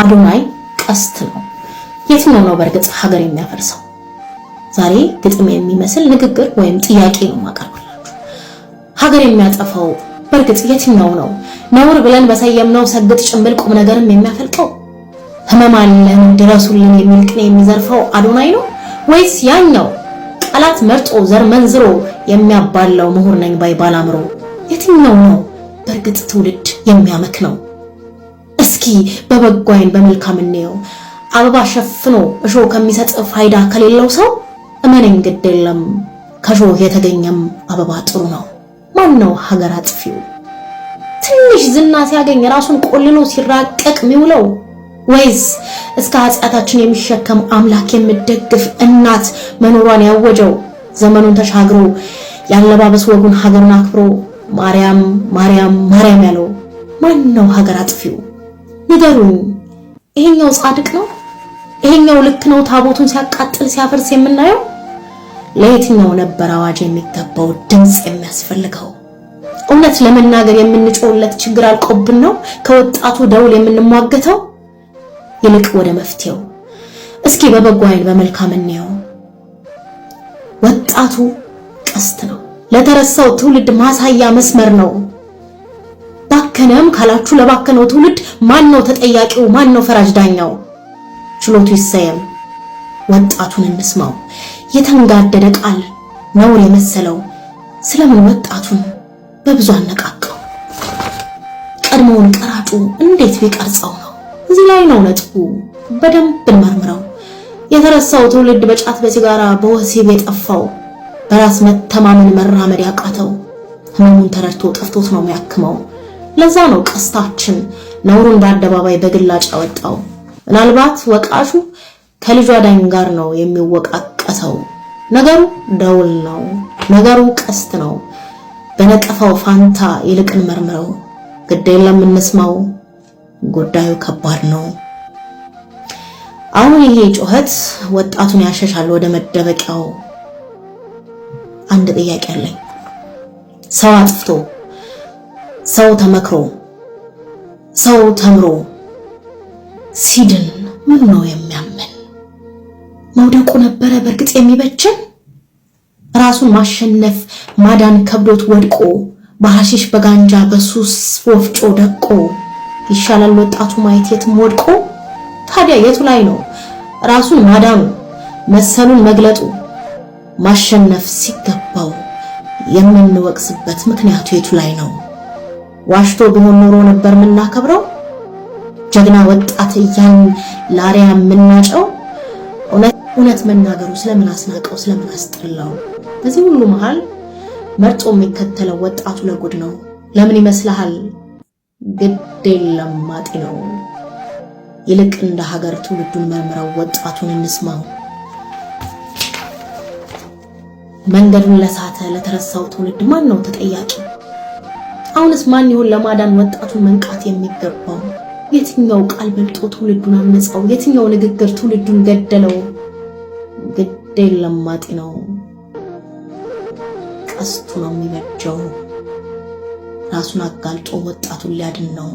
አዶናይ ቀስት ነው። የትኛው ነው በእርግጥ ሀገር የሚያፈርሰው? ዛሬ ግጥም የሚመስል ንግግር ወይም ጥያቄ ነው ማቀርብላችሁ። ሀገር የሚያጠፋው በእርግጥ የትኛው ነው? ነውር ብለን በሰየምነው ሰግጥ ጭምብል ቁም ነገርም የሚያፈልቀው ህመም አለን ድረሱልን የሚል ቅኔ የሚዘርፈው አዶናይ ነው ወይስ ያኛው ቃላት መርጦ ዘር መንዝሮ የሚያባላው ምሁር ነኝ ባይ ባላምሮ? የትኛው ነው በእርግጥ ትውልድ የሚያመክ ነው? እስኪ በበጎ አይን በመልካም እንየው። አበባ ሸፍኖ እሾህ ከሚሰጥ ፋይዳ ከሌለው ሰው እመነኝ ግድ የለም ከእሾህ የተገኘም አበባ ጥሩ ነው። ማን ነው ሀገር አጥፊው? ትንሽ ዝና ሲያገኝ ራሱን ቆልሎ ሲራቀቅ የሚውለው ወይስ እስከ ኃጢአታችን የሚሸከም አምላክ የምደግፍ እናት መኖሯን ያወጀው ዘመኑን ተሻግሮ ያለባበስ ወጉን ሀገሩን አክብሮ ማርያም ማርያም ማርያም ያለው ማን ነው ሀገር አጥፊው? ንገሩኝ። ይሄኛው ጻድቅ ነው? ይሄኛው ልክ ነው? ታቦቱን ሲያቃጥል ሲያፈርስ የምናየው ለየትኛው ነበር አዋጅ የሚገባው ድምፅ የሚያስፈልገው? እውነት ለመናገር የምንጮውለት ችግር አልቆብን ነው ከወጣቱ ደውል የምንሟገተው? ይልቅ ወደ መፍትሄው እስኪ በበጎ አይን በመልካም እንየው። ወጣቱ ቀስት ነው፣ ለተረሳው ትውልድ ማሳያ መስመር ነው። አላባከነም ካላችሁ ለባከነው ትውልድ ማን ነው ተጠያቂው? ማን ነው ፈራጅ ዳኛው? ችሎቱ ይሰየም። ወጣቱን እንስማው። የተንጋደደ ቃል ነውር የመሰለው ስለምን ወጣቱን በብዙ አነቃቀው? ቀድሞውን ቀራጩ እንዴት ቢቀርጸው ነው? እዚህ ላይ ነው ነጥቡ። በደንብ እንመርምረው። የተረሳው ትውልድ በጫት በሲጋራ በወሲብ የጠፋው በራስ መተማመን መራመድ ያቃተው ህመሙን ተረድቶ ጠፍቶት ነው የሚያክመው። ለዛ ነው ቀስታችን ነውሩን በአደባባይ በግላጭ አወጣው። ምናልባት ወቃሹ ከልጁ አዳኝ ጋር ነው የሚወቃቀሰው። ነገሩ ደውል ነው፣ ነገሩ ቀስት ነው። በነቀፋው ፋንታ ይልቅን መርምረው፣ ግድ የለም እንስማው፣ ጉዳዩ ከባድ ነው። አሁን ይሄ ጩኸት ወጣቱን ያሸሻል ወደ መደበቂያው። አንድ ጥያቄ አለኝ። ሰው አጥፍቶ ሰው ተመክሮ ሰው ተምሮ ሲድን ምን ነው የሚያምን? መውደቁ ነበረ በእርግጥ የሚበችን ራሱን ማሸነፍ ማዳን ከብዶት ወድቆ ባሐሽሽ በጋንጃ በሱስ ወፍጮ ደቆ ይሻላል ወጣቱ ማየት የትም ወድቆ። ታዲያ የቱ ላይ ነው ራሱን ማዳኑ መሰሉን መግለጡ ማሸነፍ ሲገባው የምንወቅስበት ምክንያቱ የቱ ላይ ነው? ዋሽቶ ቢሆን ኖሮ ነበር የምናከብረው ጀግና ወጣት እያን ላሪያ የምናጨው። እውነት መናገሩ ስለምን አስናቀው? ስለምን አስጠላው? በዚህ ሁሉ መሃል መርጦ የሚከተለው ወጣቱ ለጉድ ነው። ለምን ይመስልሃል? ግድ የለም ማጤ ነው። ይልቅ እንደ ሀገር ትውልዱን መርምረው ወጣቱን እንስማው። መንገዱን ለሳተ ለተረሳው ትውልድ ማን ነው ተጠያቂ? አሁንስ ማን ይሆን ለማዳን ወጣቱን መንቃት የሚገባው? የትኛው ቃል በልጦ ትውልዱን አነጻው? የትኛው ንግግር ትውልዱን ገደለው? ግድ የለም ማጤ ነው ቀስቱ ነው የሚበጀው። ራሱን አጋልጦ ወጣቱን ሊያድን ነው።